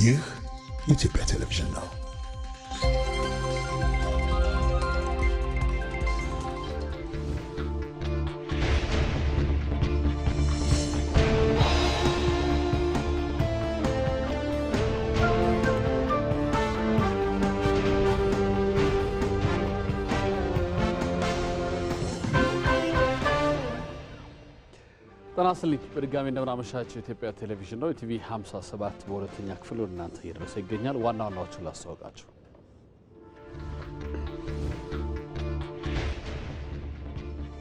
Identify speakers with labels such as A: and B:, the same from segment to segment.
A: ይህ የኢትዮጵያ ቴሌቪዥን ነው። ጤና ይስጥልኝ በድጋሚ እንደምናመሻቸው የኢትዮጵያ ቴሌቪዥን ነው። ኢቲቪ 57 በሁለተኛ ክፍል ወደ እናንተ እየደረሰ ይገኛል። ዋና ዋናዎቹን ላስታውቃችሁ።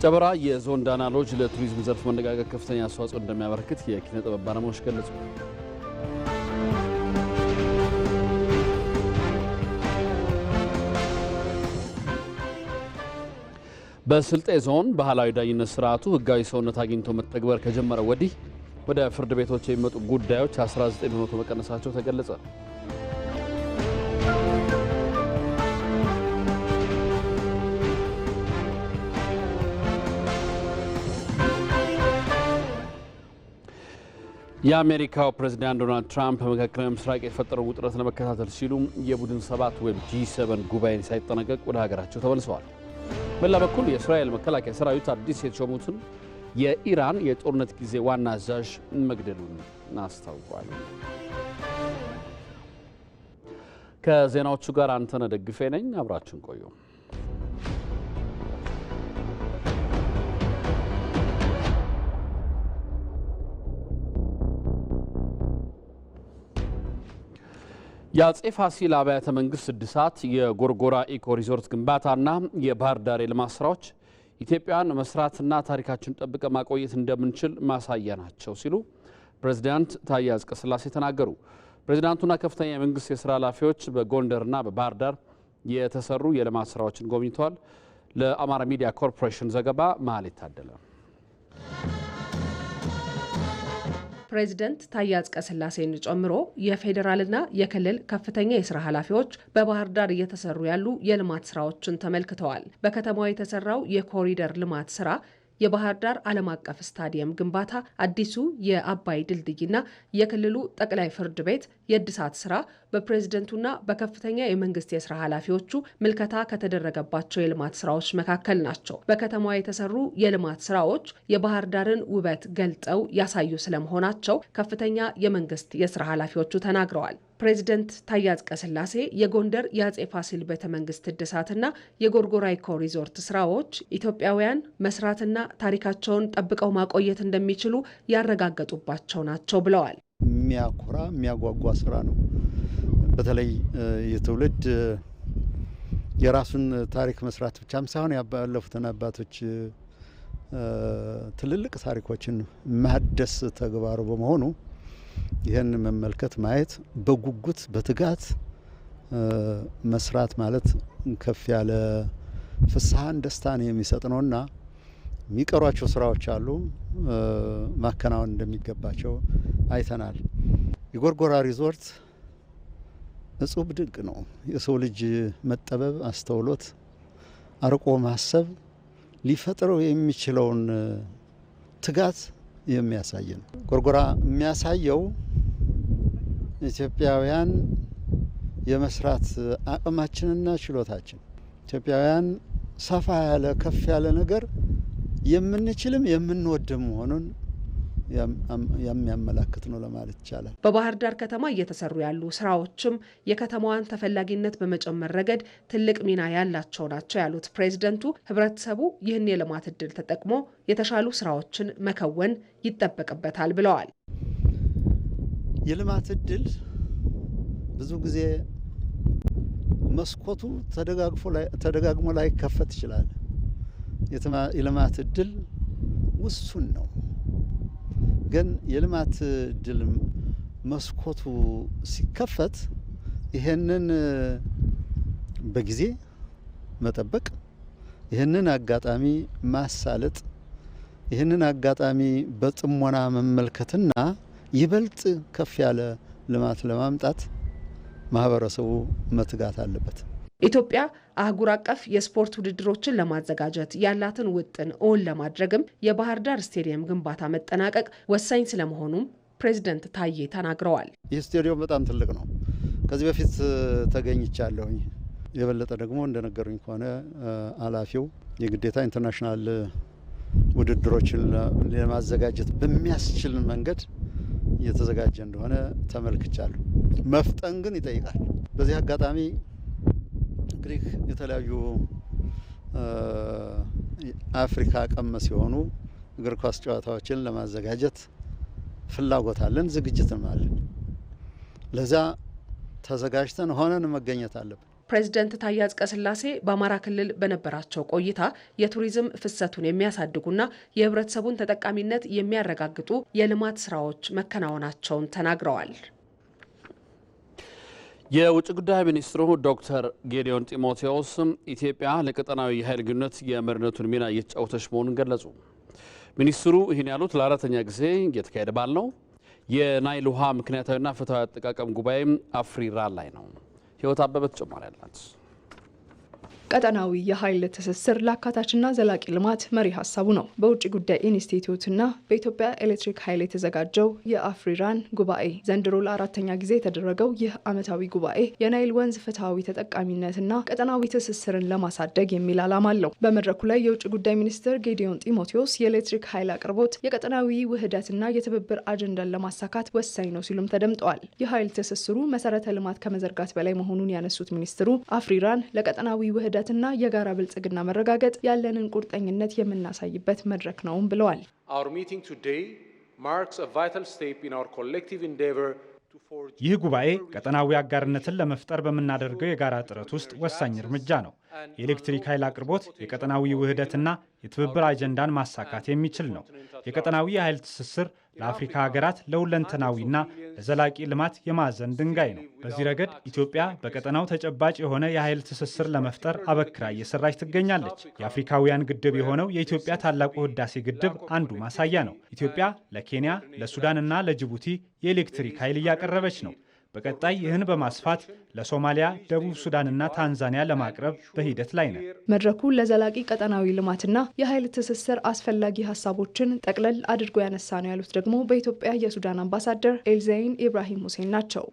A: ጨበራ የዞን ዳና ሎጅ ለቱሪዝም ዘርፍ መነጋገር ከፍተኛ አስተዋጽኦ እንደሚያበረክት የኪነ ጥበብ ባለሙያዎች ገለጹ። በስልጤ ዞን ባህላዊ ዳኝነት ስርዓቱ ህጋዊ ሰውነት አግኝቶ መተግበር ከጀመረ ወዲህ ወደ ፍርድ ቤቶች የሚመጡ ጉዳዮች 19 በመቶ መቀነሳቸው ተገለጸ። የአሜሪካው ፕሬዚዳንት ዶናልድ ትራምፕ በመካከለኛው ምስራቅ የተፈጠረው ውጥረት ለመከታተል ሲሉም የቡድን ሰባት ወይም ጂ7 ጉባኤን ሳይጠናቀቅ ወደ ሀገራቸው ተመልሰዋል። በሌላ በኩል የእስራኤል መከላከያ ሰራዊት አዲስ የተሾሙትን የኢራን የጦርነት ጊዜ ዋና አዛዥ መግደሉን አስታውቋል። ከዜናዎቹ ጋር አንተነህ ደግፌ ነኝ። አብራችን ቆዩ። የአጼ ፋሲል አብያተ መንግስት እድሳት፣ የጎርጎራ ኢኮ ሪዞርት ግንባታና የባህር ዳር የልማት ስራዎች ኢትዮጵያን መስራትና ታሪካችን ጠብቀ ማቆየት እንደምንችል ማሳያ ናቸው ሲሉ ፕሬዚዳንት ታዬ አጽቀሥላሴ ተናገሩ። ፕሬዚዳንቱና ከፍተኛ የመንግስት የስራ ኃላፊዎች በጎንደርና በባህር ዳር የተሰሩ የልማት ስራዎችን ጎብኝተዋል። ለአማራ ሚዲያ ኮርፖሬሽን ዘገባ መሀል የታደለ
B: ፕሬዚደንት ታዬ አጽቀሥላሴን ጨምሮ የፌዴራልና የክልል ከፍተኛ የስራ ኃላፊዎች በባህር ዳር እየተሰሩ ያሉ የልማት ስራዎችን ተመልክተዋል። በከተማዋ የተሰራው የኮሪደር ልማት ስራ የባህር ዳር ዓለም አቀፍ ስታዲየም ግንባታ፣ አዲሱ የአባይ ድልድይና የክልሉ ጠቅላይ ፍርድ ቤት የእድሳት ስራ በፕሬዝደንቱና በከፍተኛ የመንግስት የስራ ኃላፊዎቹ ምልከታ ከተደረገባቸው የልማት ስራዎች መካከል ናቸው። በከተማዋ የተሰሩ የልማት ስራዎች የባህር ዳርን ውበት ገልጠው ያሳዩ ስለመሆናቸው ከፍተኛ የመንግስት የስራ ኃላፊዎቹ ተናግረዋል። ፕሬዚደንት ታዬ አጽቀሥላሴ የጎንደር የአጼ ፋሲል ቤተ መንግስት እድሳትና የጎርጎራ ሪዞርት ስራዎች ኢትዮጵያውያን መስራትና ታሪካቸውን ጠብቀው ማቆየት እንደሚችሉ ያረጋገጡባቸው ናቸው ብለዋል።
C: የሚያኮራ የሚያጓጓ ስራ ነው። በተለይ የትውልድ የራሱን ታሪክ መስራት ብቻም ሳይሆን ያለፉትን አባቶች ትልልቅ ታሪኮችን ማደስ ተግባሩ በመሆኑ ይህን መመልከት፣ ማየት፣ በጉጉት በትጋት መስራት ማለት ከፍ ያለ ፍስሐን ደስታን የሚሰጥ ነውና የሚቀሯቸው ስራዎች አሉ፣ ማከናወን እንደሚገባቸው አይተናል። የጎርጎራ ሪዞርት እጹብ ድንቅ ነው። የሰው ልጅ መጠበብ፣ አስተውሎት፣ አርቆ ማሰብ ሊፈጥረው የሚችለውን ትጋት የሚያሳይ ነው። ጎርጎራ የሚያሳየው ኢትዮጵያውያን የመስራት አቅማችንና ችሎታችን ኢትዮጵያውያን ሰፋ ያለ ከፍ ያለ ነገር የምንችልም የምንወድም መሆኑን የሚያመላክት ነው ለማለት ይቻላል።
B: በባህር ዳር ከተማ እየተሰሩ ያሉ ስራዎችም የከተማዋን ተፈላጊነት በመጨመር ረገድ ትልቅ ሚና ያላቸው ናቸው ያሉት ፕሬዝደንቱ፣ ህብረተሰቡ ይህን የልማት እድል ተጠቅሞ የተሻሉ ስራዎችን መከወን ይጠበቅበታል ብለዋል።
C: የልማት እድል ብዙ ጊዜ መስኮቱ ተደጋግሞ ከፈት ይችላል። የልማት እድል ውሱን ነው። ግን የልማት እድል መስኮቱ ሲከፈት ይህንን በጊዜ መጠበቅ፣ ይህንን አጋጣሚ ማሳለጥ፣ ይህንን አጋጣሚ በጥሞና መመልከትና ይበልጥ ከፍ ያለ ልማት ለማምጣት ማህበረሰቡ መትጋት አለበት።
B: ኢትዮጵያ አህጉር አቀፍ የስፖርት ውድድሮችን ለማዘጋጀት ያላትን ውጥን እውን ለማድረግም የባህር ዳር ስቴዲየም ግንባታ መጠናቀቅ ወሳኝ ስለመሆኑም ፕሬዚደንት ታዬ ተናግረዋል።
C: ይህ ስቴዲየም በጣም ትልቅ ነው። ከዚህ በፊት ተገኝቻለሁኝ። የበለጠ ደግሞ እንደነገሩኝ ከሆነ ኃላፊው የግዴታ ኢንተርናሽናል ውድድሮችን ለማዘጋጀት በሚያስችል መንገድ እየተዘጋጀ እንደሆነ ተመልክቻለሁ። መፍጠን ግን ይጠይቃል። በዚህ አጋጣሚ እንግዲህ የተለያዩ አፍሪካ ቀመስ ሲሆኑ እግር ኳስ ጨዋታዎችን ለማዘጋጀት ፍላጎት አለን፣ ዝግጅትም አለን። ለዛ ተዘጋጅተን ሆነን መገኘት አለብን።
B: ፕሬዚደንት ታዬ አጽቀሥላሴ በአማራ ክልል በነበራቸው ቆይታ የቱሪዝም ፍሰቱን የሚያሳድጉና የህብረተሰቡን ተጠቃሚነት የሚያረጋግጡ የልማት ስራዎች መከናወናቸውን ተናግረዋል።
A: የውጭ ጉዳይ ሚኒስትሩ ዶክተር ጌዲዮን ጢሞቴዎስ ኢትዮጵያ ለቀጠናዊ የኃይል ግንኙነት የመሪነቱን ሚና እየተጫወተች መሆኑን ገለጹ። ሚኒስትሩ ይህን ያሉት ለአራተኛ ጊዜ እየተካሄደ ባለው የናይል ውሃ ምክንያታዊና ፍትሐዊ አጠቃቀም ጉባኤም አፍሪራ ላይ ነው። ህይወት አበበ ተጨማሪ አላት።
B: ቀጠናዊ የኃይል ትስስር ለአካታችና ዘላቂ ልማት መሪ ሀሳቡ ነው። በውጭ ጉዳይ ኢንስቲትዩትና በኢትዮጵያ ኤሌክትሪክ ኃይል የተዘጋጀው የአፍሪራን ጉባኤ ዘንድሮ ለአራተኛ ጊዜ የተደረገው ይህ ዓመታዊ ጉባኤ የናይል ወንዝ ፍትሐዊ ተጠቃሚነትና ቀጠናዊ ትስስርን ለማሳደግ የሚል ዓላማ አለው። በመድረኩ ላይ የውጭ ጉዳይ ሚኒስትር ጌዲዮን ጢሞቴዎስ የኤሌክትሪክ ኃይል አቅርቦት የቀጠናዊ ውህደትና የትብብር አጀንዳን ለማሳካት ወሳኝ ነው ሲሉም ተደምጠዋል። የኃይል ትስስሩ መሰረተ ልማት ከመዘርጋት በላይ መሆኑን ያነሱት ሚኒስትሩ አፍሪራን ለቀጠናዊ ውህደት የምንሰራበትና የጋራ ብልጽግና መረጋገጥ ያለንን ቁርጠኝነት የምናሳይበት መድረክ ነውም ብለዋል።
A: ይህ ጉባኤ ቀጠናዊ አጋርነትን ለመፍጠር በምናደርገው የጋራ ጥረት ውስጥ ወሳኝ እርምጃ ነው። የኤሌክትሪክ ኃይል አቅርቦት የቀጠናዊ ውህደትና የትብብር አጀንዳን ማሳካት የሚችል ነው። የቀጠናዊ የኃይል ትስስር ለአፍሪካ ሀገራት ለሁለንተናዊና ለዘላቂ ልማት የማዕዘን ድንጋይ ነው። በዚህ ረገድ ኢትዮጵያ በቀጠናው ተጨባጭ የሆነ የኃይል ትስስር ለመፍጠር አበክራ እየሰራች ትገኛለች። የአፍሪካውያን ግድብ የሆነው የኢትዮጵያ ታላቁ ህዳሴ ግድብ አንዱ ማሳያ ነው። ኢትዮጵያ ለኬንያ፣ ለሱዳን እና ለጅቡቲ የኤሌክትሪክ ኃይል እያቀረበች ነው። በቀጣይ ይህን በማስፋት ለሶማሊያ፣ ደቡብ ሱዳንና ታንዛኒያ ለማቅረብ በሂደት ላይ ነው።
B: መድረኩ ለዘላቂ ቀጠናዊ ልማትና የኃይል ትስስር አስፈላጊ ሀሳቦችን ጠቅለል አድርጎ ያነሳ ነው ያሉት ደግሞ በኢትዮጵያ የሱዳን አምባሳደር ኤልዘይን ኢብራሂም ሁሴን ናቸው።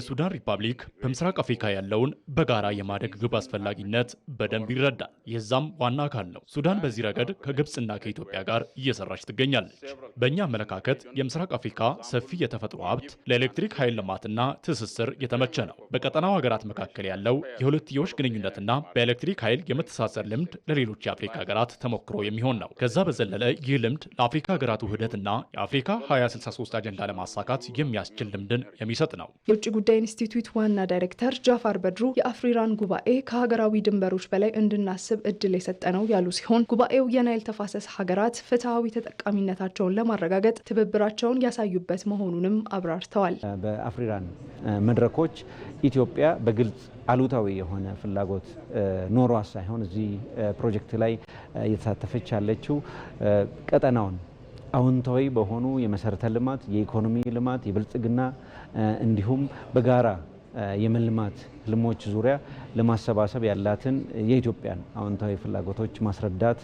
A: የሱዳን ሪፐብሊክ በምስራቅ አፍሪካ ያለውን በጋራ የማደግ ግብ አስፈላጊነት በደንብ ይረዳል። የዛም ዋና አካል ነው። ሱዳን በዚህ ረገድ ከግብፅና ከኢትዮጵያ ጋር እየሰራች ትገኛል። ትችላለች። በእኛ አመለካከት የምስራቅ አፍሪካ ሰፊ የተፈጥሮ ሀብት ለኤሌክትሪክ ኃይል ልማትና ትስስር የተመቸ ነው። በቀጠናው ሀገራት መካከል ያለው የሁለትዮሽ ግንኙነትና በኤሌክትሪክ ኃይል የመተሳሰር ልምድ ለሌሎች የአፍሪካ ሀገራት ተሞክሮ የሚሆን ነው። ከዛ በዘለለ ይህ ልምድ ለአፍሪካ ሀገራት ውህደትና የአፍሪካ 2063 አጀንዳ ለማሳካት የሚያስችል ልምድን የሚሰጥ ነው።
B: የውጭ ጉዳይ ኢንስቲትዩት ዋና ዳይሬክተር ጃፋር በድሩ የአፍሪራን ጉባኤ ከሀገራዊ ድንበሮች በላይ እንድናስብ እድል የሰጠ ነው ያሉ ሲሆን ጉባኤው የናይል ተፋሰስ ሀገራት ፍትሐዊ ተጠቃሚነት መግባባታቸውን ለማረጋገጥ ትብብራቸውን ያሳዩበት መሆኑንም አብራርተዋል።
D: በአፍሪራን መድረኮች ኢትዮጵያ በግልጽ አሉታዊ የሆነ ፍላጎት ኖሯ ሳይሆን እዚህ ፕሮጀክት ላይ እየተሳተፈች ያለችው ቀጠናውን አዎንታዊ በሆኑ የመሰረተ ልማት፣ የኢኮኖሚ ልማት፣ የብልጽግና እንዲሁም በጋራ የመልማት ህልሞች ዙሪያ ለማሰባሰብ ያላትን የኢትዮጵያን አዎንታዊ ፍላጎቶች ማስረዳት፣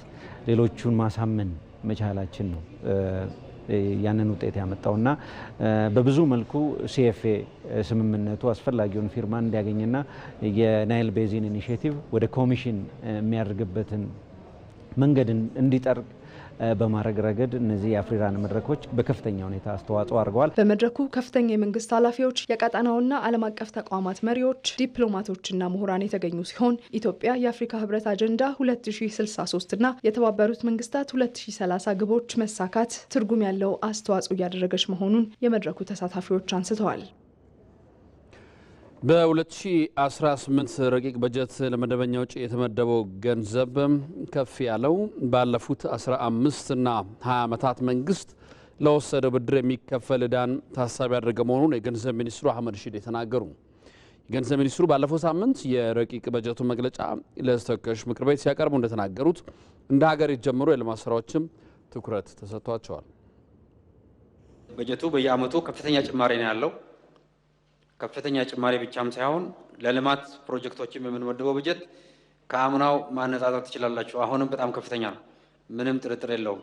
D: ሌሎቹን ማሳመን መቻላችን ነው ያንን ውጤት ያመጣውና በብዙ መልኩ ሲኤፍኤ ስምምነቱ አስፈላጊውን ፊርማ እንዲያገኝና የናይል ቤዚን ኢኒሽቲቭ ወደ ኮሚሽን የሚያደርግበትን መንገድን እንዲጠርግ በማድረግ ረገድ እነዚህ የአፍሪራን መድረኮች በከፍተኛ ሁኔታ አስተዋጽኦ አድርገዋል።
B: በመድረኩ ከፍተኛ የመንግስት ኃላፊዎች፣ የቀጠናውና ዓለም አቀፍ ተቋማት መሪዎች፣ ዲፕሎማቶችና ምሁራን የተገኙ ሲሆን ኢትዮጵያ የአፍሪካ ህብረት አጀንዳ 2063ና የተባበሩት መንግስታት 2030 ግቦች መሳካት ትርጉም ያለው አስተዋጽኦ እያደረገች መሆኑን የመድረኩ ተሳታፊዎች አንስተዋል።
A: በ2018 ረቂቅ በጀት ለመደበኛ ውጪ የተመደበው ገንዘብ ከፍ ያለው ባለፉት 15 እና 20 ዓመታት መንግስት ለወሰደው ብድር የሚከፈል እዳን ታሳቢ ያደረገ መሆኑን የገንዘብ ሚኒስትሩ አህመድ ሺዴ ተናገሩ። የገንዘብ ሚኒስትሩ ባለፈው ሳምንት የረቂቅ በጀቱ መግለጫ ለተወካዮች ምክር ቤት ሲያቀርቡ እንደተናገሩት እንደ ሀገር የተጀመሩ የልማት ስራዎችም ትኩረት ተሰጥቷቸዋል።
E: በጀቱ በየአመቱ ከፍተኛ ጭማሪ ነው ያለው ከፍተኛ ጭማሪ ብቻም ሳይሆን ለልማት ፕሮጀክቶችም የምንመድበው በጀት ከአምናው ማነጻጸር ትችላላችሁ። አሁንም በጣም ከፍተኛ ነው፣ ምንም ጥርጥር የለውም።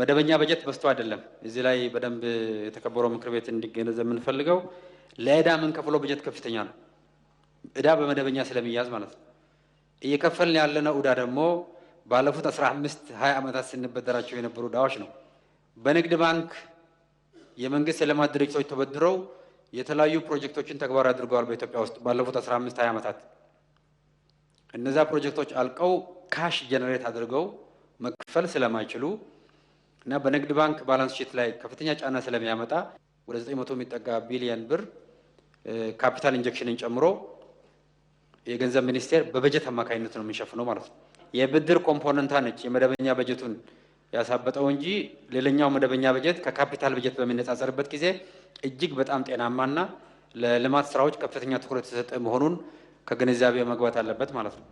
E: መደበኛ በጀት በስቶ አይደለም። እዚህ ላይ በደንብ የተከበረው ምክር ቤት እንዲገነዘብ የምንፈልገው ለእዳ የምንከፍለው በጀት ከፍተኛ ነው። እዳ በመደበኛ ስለሚያዝ ማለት ነው። እየከፈልን ያለነው እዳ ደግሞ ባለፉት 15 20 ዓመታት ስንበደራቸው የነበሩ እዳዎች ነው። በንግድ ባንክ የመንግስት የልማት ድርጅቶች ተበድረው የተለያዩ ፕሮጀክቶችን ተግባራዊ አድርገዋል በኢትዮጵያ ውስጥ ባለፉት 15 20 ዓመታት። እነዛ ፕሮጀክቶች አልቀው ካሽ ጀነሬት አድርገው መክፈል ስለማይችሉ እና በንግድ ባንክ ባላንስ ሺት ላይ ከፍተኛ ጫና ስለሚያመጣ ወደ 900 የሚጠጋ ቢሊየን ብር ካፒታል ኢንጀክሽንን ጨምሮ የገንዘብ ሚኒስቴር በበጀት አማካኝነት ነው የምንሸፍነው ማለት ነው። የብድር ኮምፖነንታ ነች የመደበኛ በጀቱን ያሳበጠው እንጂ ሌላኛው መደበኛ በጀት ከካፒታል በጀት በሚነጻጸርበት ጊዜ እጅግ በጣም ጤናማና ለልማት ስራዎች ከፍተኛ ትኩረት የተሰጠ መሆኑን ከግንዛቤ መግባት አለበት ማለት ነው።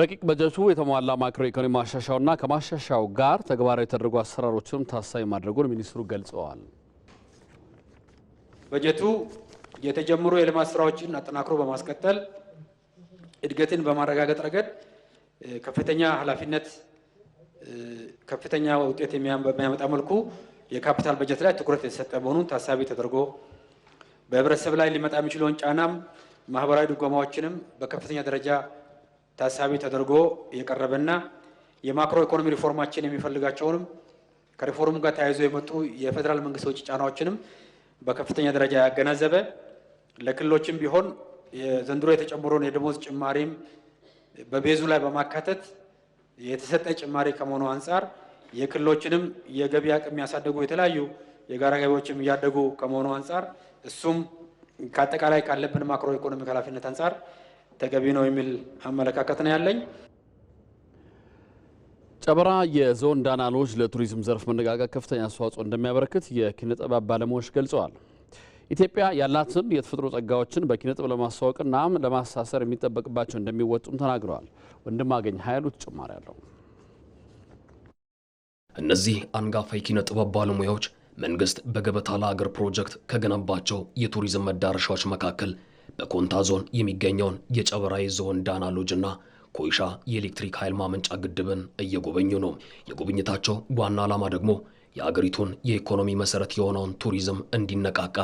A: ረቂቅ በጀቱ የተሟላ ማክሮ ኢኮኖሚ ማሻሻያውና ከማሻሻያው ጋር ተግባራዊ የተደረጉ አሰራሮችንም ታሳቢ ማድረጉን ሚኒስትሩ ገልጸዋል።
E: በጀቱ የተጀመሩ የልማት ስራዎችን አጠናክሮ በማስቀጠል እድገትን በማረጋገጥ ረገድ ከፍተኛ ኃላፊነት ከፍተኛ ውጤት የሚያመጣ መልኩ የካፒታል በጀት ላይ ትኩረት የተሰጠ መሆኑን ታሳቢ ተደርጎ በህብረተሰብ ላይ ሊመጣ የሚችለውን ጫናም ማህበራዊ ድጎማዎችንም በከፍተኛ ደረጃ ታሳቢ ተደርጎ የቀረበና የማክሮ ኢኮኖሚ ሪፎርማችን የሚፈልጋቸውንም ከሪፎርሙ ጋር ተያይዞ የመጡ የፌዴራል መንግስት ውጭ ጫናዎችንም በከፍተኛ ደረጃ ያገናዘበ ለክልሎችም ቢሆን ዘንድሮ የተጨመረውን የደሞዝ ጭማሪም በቤዙ ላይ በማካተት የተሰጠ ጭማሪ ከመሆኑ አንጻር የክልሎችንም የገቢ አቅም የሚያሳድጉ የተለያዩ የጋራ ገቢዎችም እያደጉ ከመሆኑ አንጻር እሱም ከአጠቃላይ ካለብን ማክሮ ኢኮኖሚክ ኃላፊነት አንጻር ተገቢ ነው የሚል አመለካከት ነው ያለኝ።
A: ጨበራ የዞን ዳናሎች ለቱሪዝም ዘርፍ መነጋገር ከፍተኛ አስተዋጽኦ እንደሚያበረክት የኪነ ጥበብ ባለሙያዎች ገልጸዋል። ኢትዮጵያ ያላትን የተፈጥሮ ጸጋዎችን በኪነ ጥበብ ለማስተዋወቅና ለማሳሰር የሚጠበቅባቸው እንደሚወጡም ተናግረዋል። ወንድማገኝ ሀይሉ ተጨማሪ አለው። እነዚህ አንጋፋ የኪነ ጥበብ ባለሙያዎች መንግስት በገበታ ለሀገር ፕሮጀክት ከገነባቸው የቱሪዝም መዳረሻዎች መካከል በኮንታ ዞን የሚገኘውን የጨበራ ዞን ዳና ሎጅና ኮይሻ የኤሌክትሪክ ኃይል ማመንጫ ግድብን እየጎበኙ ነው። የጉብኝታቸው ዋና ዓላማ ደግሞ የአገሪቱን የኢኮኖሚ መሰረት የሆነውን ቱሪዝም እንዲነቃቃ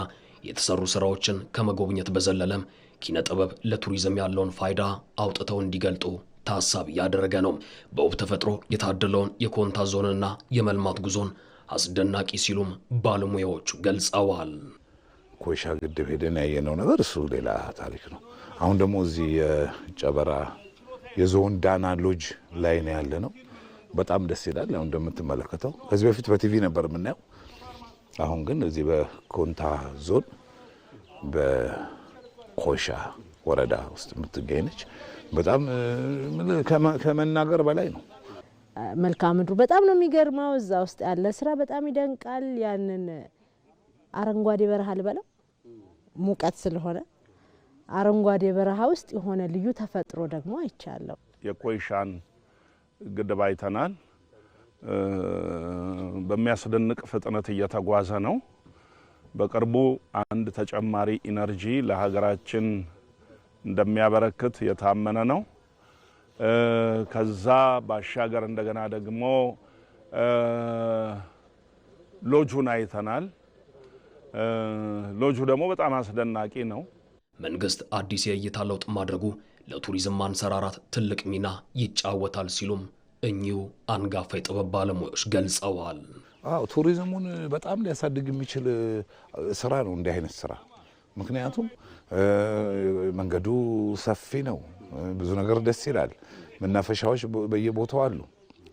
A: የተሰሩ ስራዎችን ከመጎብኘት በዘለለም ኪነ ጥበብ ለቱሪዝም ያለውን ፋይዳ አውጥተው እንዲገልጡ ታሳቢ ያደረገ ነው። በውብ ተፈጥሮ የታደለውን የኮንታ ዞንና የመልማት ጉዞን አስደናቂ ሲሉም ባለሙያዎቹ ገልጸዋል።
F: ኮይሻ ግድብ ሄደን ያየነው ነገር እሱ ሌላ ታሪክ ነው። አሁን ደግሞ እዚህ የጨበራ የዞን ዳና ሎጅ ላይ ነው ያለ ነው። በጣም ደስ ይላል። አሁን እንደምትመለከተው ከዚህ በፊት በቲቪ ነበር የምናየው። አሁን ግን እዚህ በኮንታ ዞን በኮይሻ ወረዳ ውስጥ የምትገኝ ነች። በጣም ከመናገር በላይ ነው።
G: መልካ ምድሩ በጣም ነው የሚገርመው። እዛ ውስጥ ያለ ስራ በጣም ይደንቃል። ያንን አረንጓዴ በረሃ ልበለው ሙቀት ስለሆነ አረንጓዴ በረሃ ውስጥ የሆነ ልዩ ተፈጥሮ ደግሞ አይቻለሁ።
H: የኮይሻን ግድብ አይተናል። በሚያስደንቅ ፍጥነት እየተጓዘ ነው። በቅርቡ አንድ ተጨማሪ ኢነርጂ ለሀገራችን እንደሚያበረክት የታመነ ነው። ከዛ ባሻገር እንደገና ደግሞ ሎጁን አይተናል። ሎጁ ደግሞ በጣም አስደናቂ ነው።
A: መንግስት አዲስ የእይታ ለውጥ ማድረጉ ለቱሪዝም ማንሰራራት ትልቅ ሚና ይጫወታል ሲሉም እኚሁ አንጋፋ የጥበብ ባለሙያዎች ገልጸዋል።
F: አዎ ቱሪዝሙን በጣም ሊያሳድግ የሚችል ስራ ነው እንዲህ አይነት ስራ ምክንያቱም መንገዱ ሰፊ ነው። ብዙ ነገር ደስ ይላል። መናፈሻዎች በየቦታው አሉ።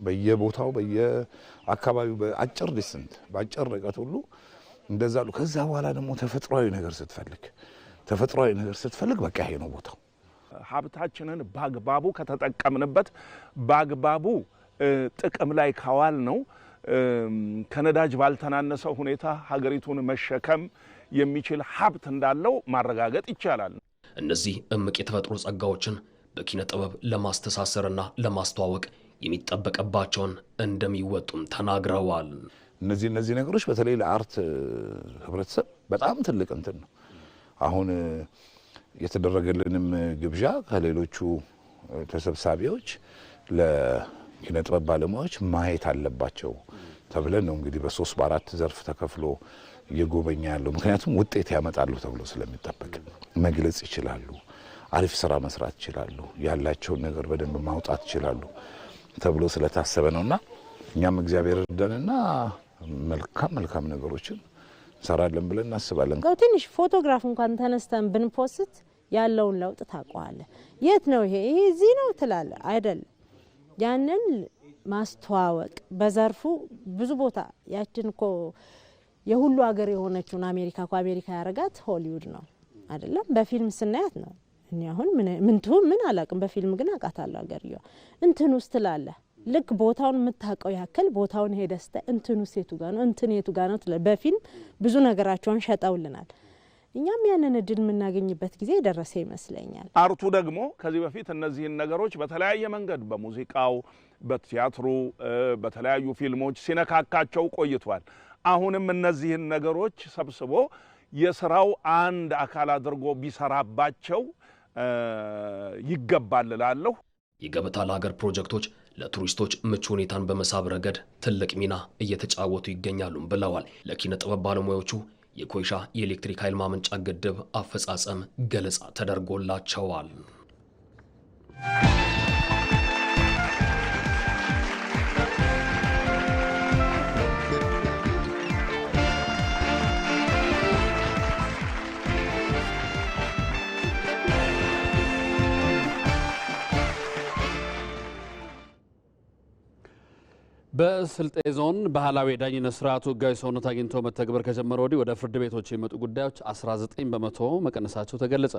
F: በየቦታው በየአካባቢው በአጭር ዲስንት በአጭር ርቀት ሁሉ እንደዛ አሉ። ከዛ በኋላ ደግሞ ተፈጥሯዊ ነገር ስትፈልግ ተፈጥሯዊ ነገር ስትፈልግ በቃ ይሄ ነው ቦታው።
I: ሀብታችንን በአግባቡ ከተጠቀምንበት በአግባቡ ጥቅም ላይ ካዋል ነው ከነዳጅ ባልተናነሰ ሁኔታ ሀገሪቱን መሸከም የሚችል ሀብት እንዳለው ማረጋገጥ ይቻላል።
A: እነዚህ እምቅ የተፈጥሮ ጸጋዎችን በኪነ ጥበብ ለማስተሳሰርና ለማስተዋወቅ የሚጠበቅባቸውን እንደሚወጡም ተናግረዋል።
F: እነዚህ እነዚህ ነገሮች በተለይ ለአርት ህብረተሰብ በጣም ትልቅ እንትን ነው። አሁን የተደረገልንም ግብዣ ከሌሎቹ ተሰብሳቢዎች ለኪነ ጥበብ ባለሙያዎች ማየት አለባቸው። ተብለን ነው እንግዲህ በሶስት በአራት ዘርፍ ተከፍሎ እየጎበኛ ያለው። ምክንያቱም ውጤት ያመጣሉ ተብሎ ስለሚጠበቅ መግለጽ ይችላሉ፣ አሪፍ ስራ መስራት ይችላሉ፣ ያላቸውን ነገር በደንብ ማውጣት ይችላሉ ተብሎ ስለታሰበ ነው እና እኛም እግዚአብሔር ና መልካም መልካም ነገሮችን እንሰራለን ብለን እናስባለን።
G: ትንሽ ፎቶግራፍ እንኳን ተነስተን ብንፖስት ያለውን ለውጥ ታውቀዋለህ። የት ነው ይሄ ይሄ እዚህ ነው ትላለህ አይደለም ያንን ማስተዋወቅ በዘርፉ ብዙ ቦታ ያችን እኮ የሁሉ ሀገር የሆነችውን አሜሪካ እኮ አሜሪካ ያረጋት ሆሊውድ ነው አይደለም። በፊልም ስናያት ነው። እኔ አሁን ምን ትሁን ምን አላቅም፣ በፊልም ግን አውቃታለሁ። አገርየዋ እንትን ውስጥ ላለ ልክ ቦታውን የምታውቀው ያክል ቦታውን ሄደስተ እንትኑ ሴቱ ጋር ነው እንትን የቱ ጋር ነው ትላል። በፊልም ብዙ ነገራቸውን ሸጠውልናል። እኛም ያንን እድል የምናገኝበት ጊዜ የደረሰ ይመስለኛል።
I: አርቱ ደግሞ ከዚህ በፊት እነዚህን ነገሮች በተለያየ መንገድ በሙዚቃው፣ በቲያትሩ፣ በተለያዩ ፊልሞች ሲነካካቸው ቆይቷል። አሁንም እነዚህን ነገሮች ሰብስቦ የስራው አንድ አካል አድርጎ ቢሰራባቸው ይገባል እላለሁ።
A: የገበታ ለሀገር ፕሮጀክቶች ለቱሪስቶች ምቹ ሁኔታን በመሳብ ረገድ ትልቅ ሚና እየተጫወቱ ይገኛሉም ብለዋል። ለኪነ ጥበብ ባለሙያዎቹ የኮይሻ የኤሌክትሪክ ኃይል ማመንጫ ግድብ አፈጻጸም ገለጻ ተደርጎላቸዋል። በስልጤ ዞን ባህላዊ የዳኝነት ስርዓቱ ሕጋዊ ሰውነት አግኝቶ መተግበር ከጀመረ ወዲህ ወደ ፍርድ ቤቶች የሚመጡ ጉዳዮች 19 በመቶ መቀነሳቸው ተገለጸ።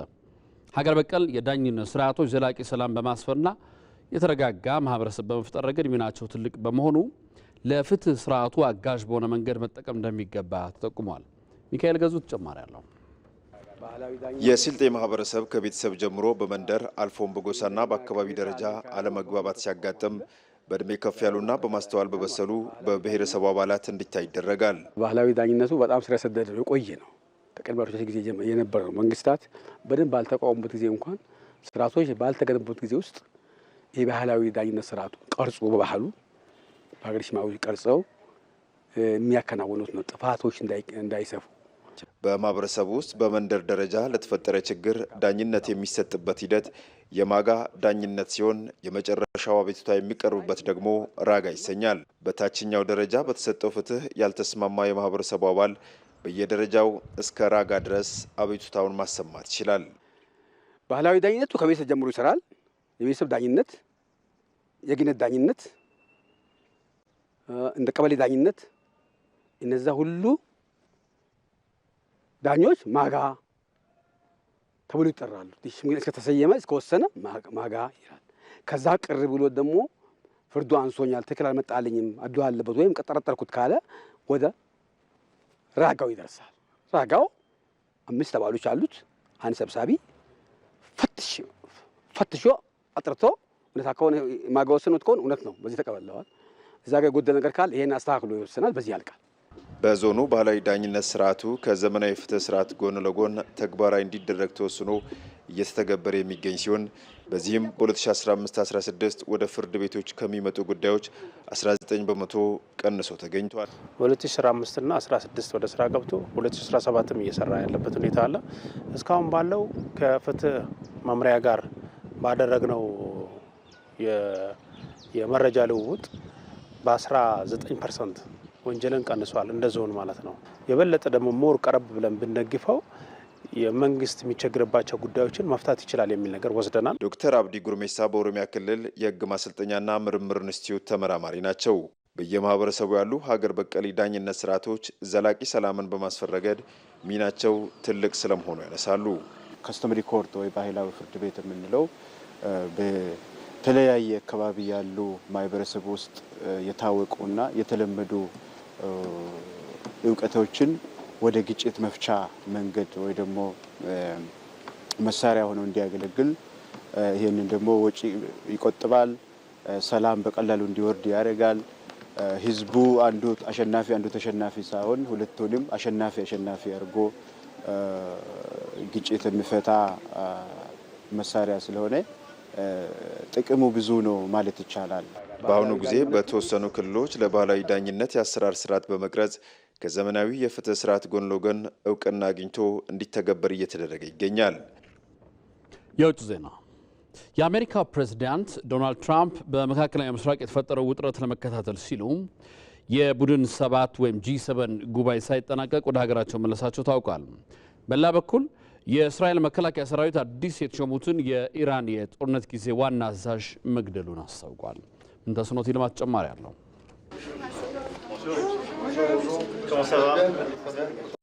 A: ሀገር በቀል የዳኝነት ስርዓቶች ዘላቂ ሰላም በማስፈርና የተረጋጋ ማህበረሰብ በመፍጠር ረገድ ሚናቸው ትልቅ በመሆኑ ለፍትህ ስርዓቱ አጋዥ በሆነ መንገድ መጠቀም እንደሚገባ ተጠቁሟል። ሚካኤል ገዙ ተጨማሪ አለው።
J: የስልጤ ማህበረሰብ ከቤተሰብ ጀምሮ በመንደር አልፎም በጎሳና በአካባቢ ደረጃ አለመግባባት ሲያጋጥም በእድሜ ከፍ ያሉና በማስተዋል በበሰሉ በብሔረሰቡ አባላት እንዲታይ ይደረጋል።
E: ባህላዊ ዳኝነቱ በጣም ስር የሰደደ የቆየ ነው። ተቀድባቶች ጊዜ የነበረ ነው። መንግስታት በደንብ ባልተቃወሙበት ጊዜ እንኳን ስርዓቶች ባልተገነቡበት ጊዜ ውስጥ የባህላዊ ዳኝነት ስርዓቱ ቀርጾ በባህሉ በሀገር ሽማዊ ቀርጸው የሚያከናውኑት ነው። ጥፋቶች እንዳይሰፉ
J: በማህበረሰቡ ውስጥ በመንደር ደረጃ ለተፈጠረ ችግር ዳኝነት የሚሰጥበት ሂደት የማጋ ዳኝነት ሲሆን የመጨረሻው አቤቱታ የሚቀርብበት ደግሞ ራጋ ይሰኛል። በታችኛው ደረጃ በተሰጠው ፍትህ ያልተስማማ የማህበረሰቡ አባል በየደረጃው እስከ ራጋ ድረስ አቤቱታውን ማሰማት ይችላል።
E: ባህላዊ ዳኝነቱ ከቤተሰብ ጀምሮ ይሰራል። የቤተሰብ ዳኝነት፣ የግነት ዳኝነት፣ እንደ ቀበሌ ዳኝነት እነዛ ሁሉ ዳኞች ማጋ ተብሎ ይጠራሉ። እስከተሰየመ እስከወሰነ ማጋ ይላል። ከዛ ቅር ብሎ ደግሞ ፍርዱ አንሶኛል፣ ትክክል አልመጣልኝም፣ አድሎ አለበት ወይም ቀጠረጠርኩት ካለ ወደ ራጋው ይደርሳል። ራጋው አምስት ተባሎች አሉት፣ አንድ ሰብሳቢ ፈትሾ አጥርቶ እውነታ ከሆነ ማጋ ወሰኑት ከሆነ እውነት ነው፣ በዚህ ተቀበለዋል። እዛ ጋር ነገር ካለ ይሄን አስተካክሎ ይወስናል፣ በዚህ ያልቃል።
J: በዞኑ ባህላዊ ዳኝነት ስርዓቱ ከዘመናዊ ፍትህ ስርዓት ጎን ለጎን ተግባራዊ እንዲደረግ ተወስኖ እየተተገበረ የሚገኝ ሲሆን በዚህም በ2015/16 ወደ ፍርድ ቤቶች ከሚመጡ ጉዳዮች 19 በመቶ ቀንሶ ተገኝቷል።
E: በ2015ና 16 ወደ ስራ ገብቶ 2017ም እየሰራ ያለበት ሁኔታ አለ። እስካሁን ባለው ከፍትህ መምሪያ ጋር ባደረግነው የመረጃ ልውውጥ በ19 ፐርሰንት ወንጀልን ቀንሷል፣ እንደ ዞን ማለት ነው። የበለጠ ደግሞ ሞር ቀረብ ብለን ብንደግፈው የመንግስት የሚቸግርባቸው ጉዳዮችን መፍታት ይችላል የሚል ነገር ወስደናል።
J: ዶክተር አብዲ ጉርሜሳ በኦሮሚያ ክልል የህግ ማሰልጠኛና ምርምር ኢንስቲትዩት ተመራማሪ ናቸው። በየማህበረሰቡ ያሉ ሀገር በቀል ዳኝነት ስርዓቶች ዘላቂ ሰላምን በማስፈን ረገድ ሚናቸው ትልቅ ስለመሆኑ ያነሳሉ።
K: ከስተም ሪኮርድ ወይ ባህላዊ ፍርድ ቤት የምንለው በተለያየ አካባቢ ያሉ ማህበረሰብ ውስጥ የታወቁና የተለመዱ እውቀቶችን ወደ ግጭት መፍቻ መንገድ ወይ ደግሞ መሳሪያ ሆነው እንዲያገለግል ይህንን ደግሞ ወጪ ይቆጥባል። ሰላም በቀላሉ እንዲወርድ ያደርጋል። ህዝቡ አንዱ አሸናፊ አንዱ ተሸናፊ ሳይሆን ሁለቱንም አሸናፊ አሸናፊ አድርጎ ግጭት የሚፈታ መሳሪያ ስለሆነ ጥቅሙ ብዙ ነው ማለት ይቻላል።
J: በአሁኑ ጊዜ በተወሰኑ ክልሎች ለባህላዊ ዳኝነት የአሰራር ስርዓት በመቅረጽ ከዘመናዊ የፍትህ ስርዓት ጎን ለጎን እውቅና አግኝቶ እንዲተገበር እየተደረገ ይገኛል።
A: የውጭ ዜና የአሜሪካው ፕሬዚዳንት ዶናልድ ትራምፕ በመካከለኛ ምስራቅ የተፈጠረው ውጥረት ለመከታተል ሲሉ የቡድን ሰባት ወይም ጂ ሰበን ጉባኤ ሳይጠናቀቅ ወደ ሀገራቸው መለሳቸው ታውቋል። በሌላ በኩል የእስራኤል መከላከያ ሰራዊት አዲስ የተሾሙትን የኢራን የጦርነት ጊዜ ዋና አዛዥ መግደሉን አስታውቋል። እንተስኖት ይልማት ጨማሪ አለው።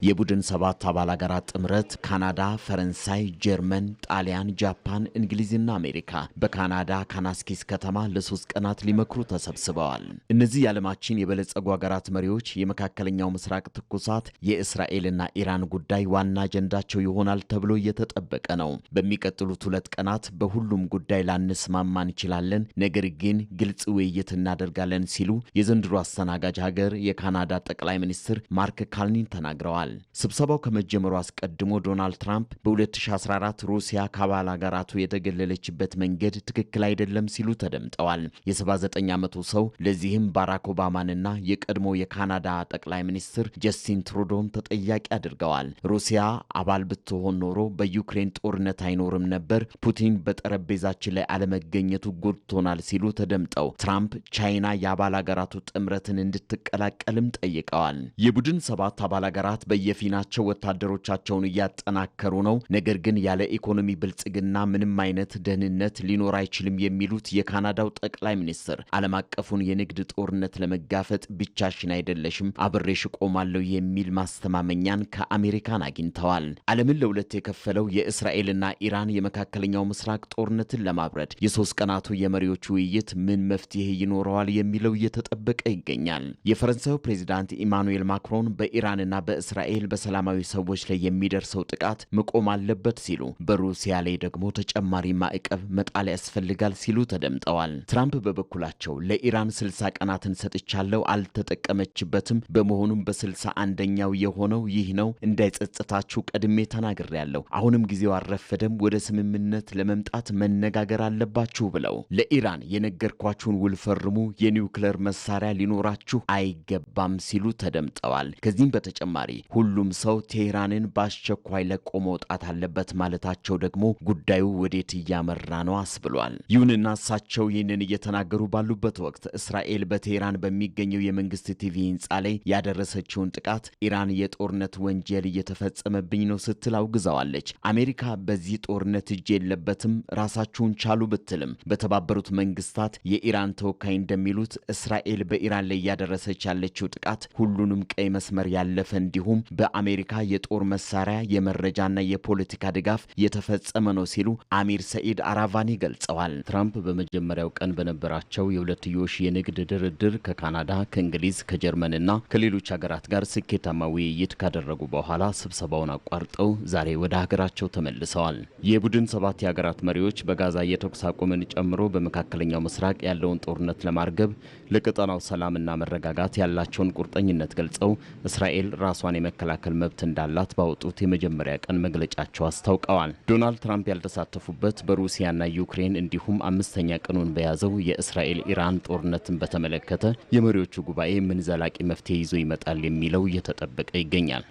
A: የቡድን ሰባት አባል አገራት ጥምረት ካናዳ፣ ፈረንሳይ፣ ጀርመን፣ ጣሊያን፣ ጃፓን፣ እንግሊዝና አሜሪካ በካናዳ ካናስኪስ ከተማ ለሶስት ቀናት ሊመክሩ ተሰብስበዋል። እነዚህ የዓለማችን የበለጸጉ አገራት መሪዎች የመካከለኛው ምስራቅ ትኩሳት፣ የእስራኤልና ኢራን ጉዳይ ዋና አጀንዳቸው ይሆናል ተብሎ እየተጠበቀ ነው። በሚቀጥሉት ሁለት ቀናት በሁሉም ጉዳይ ላንስማማ እንችላለን፣ ነገር ግን ግልጽ ውይይት እናደርጋለን ሲሉ የዘንድሮ አስተናጋጅ ሀገር የካናዳ ጠቅላይ ሚኒስትር ሚኒስትር ማርክ ካልኒን ተናግረዋል። ስብሰባው ከመጀመሩ አስቀድሞ ዶናልድ ትራምፕ በ2014 ሩሲያ ከአባል አገራቱ የተገለለችበት መንገድ ትክክል አይደለም ሲሉ ተደምጠዋል። የ79 ዓመቱ ሰው ለዚህም ባራክ ኦባማንና የቀድሞ የካናዳ ጠቅላይ ሚኒስትር ጀስቲን ትሩዶን ተጠያቂ አድርገዋል። ሩሲያ አባል ብትሆን ኖሮ በዩክሬን ጦርነት አይኖርም ነበር፣ ፑቲን በጠረጴዛችን ላይ አለመገኘቱ ጎድቶናል ሲሉ ተደምጠው ትራምፕ ቻይና የአባል አገራቱ ጥምረትን እንድትቀላቀልም ጠይቀዋል። የቡድን ሰባት አባል ሀገራት በየፊናቸው ወታደሮቻቸውን እያጠናከሩ ነው። ነገር ግን ያለ ኢኮኖሚ ብልጽግና ምንም አይነት ደህንነት ሊኖር አይችልም የሚሉት የካናዳው ጠቅላይ ሚኒስትር ዓለም አቀፉን የንግድ ጦርነት ለመጋፈጥ ብቻሽን አይደለሽም አብሬሽ ቆማለሁ የሚል ማስተማመኛን ከአሜሪካን አግኝተዋል። ዓለምን ለሁለት የከፈለው የእስራኤልና ኢራን የመካከለኛው ምስራቅ ጦርነትን ለማብረድ የሶስት ቀናቱ የመሪዎች ውይይት ምን መፍትሄ ይኖረዋል የሚለው እየተጠበቀ ይገኛል። የፈረንሳዩ ፕሬዚዳንት ኢማኑኤል ማክሮን በኢራንና በእስራኤል በሰላማዊ ሰዎች ላይ የሚደርሰው ጥቃት መቆም አለበት ሲሉ፣ በሩሲያ ላይ ደግሞ ተጨማሪ ማዕቀብ መጣል ያስፈልጋል ሲሉ ተደምጠዋል። ትራምፕ በበኩላቸው ለኢራን ስልሳ ቀናትን ሰጥቻለሁ አልተጠቀመችበትም፣ በመሆኑም በስልሳ አንደኛው የሆነው ይህ ነው። እንዳይጸጽታችሁ ቀድሜ ተናግሬያለሁ። አሁንም ጊዜው አልረፈደም። ወደ ስምምነት ለመምጣት መነጋገር አለባችሁ ብለው ለኢራን የነገርኳችሁን ውል ፈርሙ፣ የኒውክለር መሳሪያ ሊኖራችሁ አይገባም ሲሉ ተደምጠዋል። ገልጸዋል። ከዚህም በተጨማሪ ሁሉም ሰው ቴህራንን በአስቸኳይ ለቆ መውጣት አለበት ማለታቸው ደግሞ ጉዳዩ ወዴት እያመራ ነው አስብሏል። ይሁንና እሳቸው ይህንን እየተናገሩ ባሉበት ወቅት እስራኤል በቴህራን በሚገኘው የመንግስት ቲቪ ህንፃ ላይ ያደረሰችውን ጥቃት ኢራን የጦርነት ወንጀል እየተፈጸመብኝ ነው ስትል አውግዛዋለች። አሜሪካ በዚህ ጦርነት እጅ የለበትም ራሳችሁን ቻሉ ብትልም በተባበሩት መንግስታት የኢራን ተወካይ እንደሚሉት እስራኤል በኢራን ላይ እያደረሰች ያለችው ጥቃት ሁሉንም ቀይ መስመር ያለፈ እንዲሁም በአሜሪካ የጦር መሳሪያ የመረጃና የፖለቲካ ድጋፍ የተፈጸመ ነው ሲሉ አሚር ሰኢድ አራቫኒ ገልጸዋል። ትራምፕ በመጀመሪያው ቀን በነበራቸው የሁለትዮሽ የንግድ ድርድር ከካናዳ፣ ከእንግሊዝ፣ ከጀርመንና ከሌሎች ሀገራት ጋር ስኬታማ ውይይት ካደረጉ በኋላ ስብሰባውን አቋርጠው ዛሬ ወደ ሀገራቸው ተመልሰዋል። የቡድን ሰባት የሀገራት መሪዎች በጋዛ የተኩስ አቁምን ጨምሮ በመካከለኛው ምስራቅ ያለውን ጦርነት ለማርገብ ለቀጠናው ሰላምና መረጋጋት ያላቸውን ቁርጠኝነት ገልጸዋል። ገልጸው እስራኤል ራሷን የመከላከል መብት እንዳላት ባወጡት የመጀመሪያ ቀን መግለጫቸው አስታውቀዋል። ዶናልድ ትራምፕ ያልተሳተፉበት በሩሲያና ዩክሬን እንዲሁም አምስተኛ ቀኑን በያዘው የእስራኤል ኢራን ጦርነትን በተመለከተ የመሪዎቹ ጉባኤ ምን ዘላቂ መፍትሄ ይዞ ይመጣል የሚለው እየተጠበቀ ይገኛል።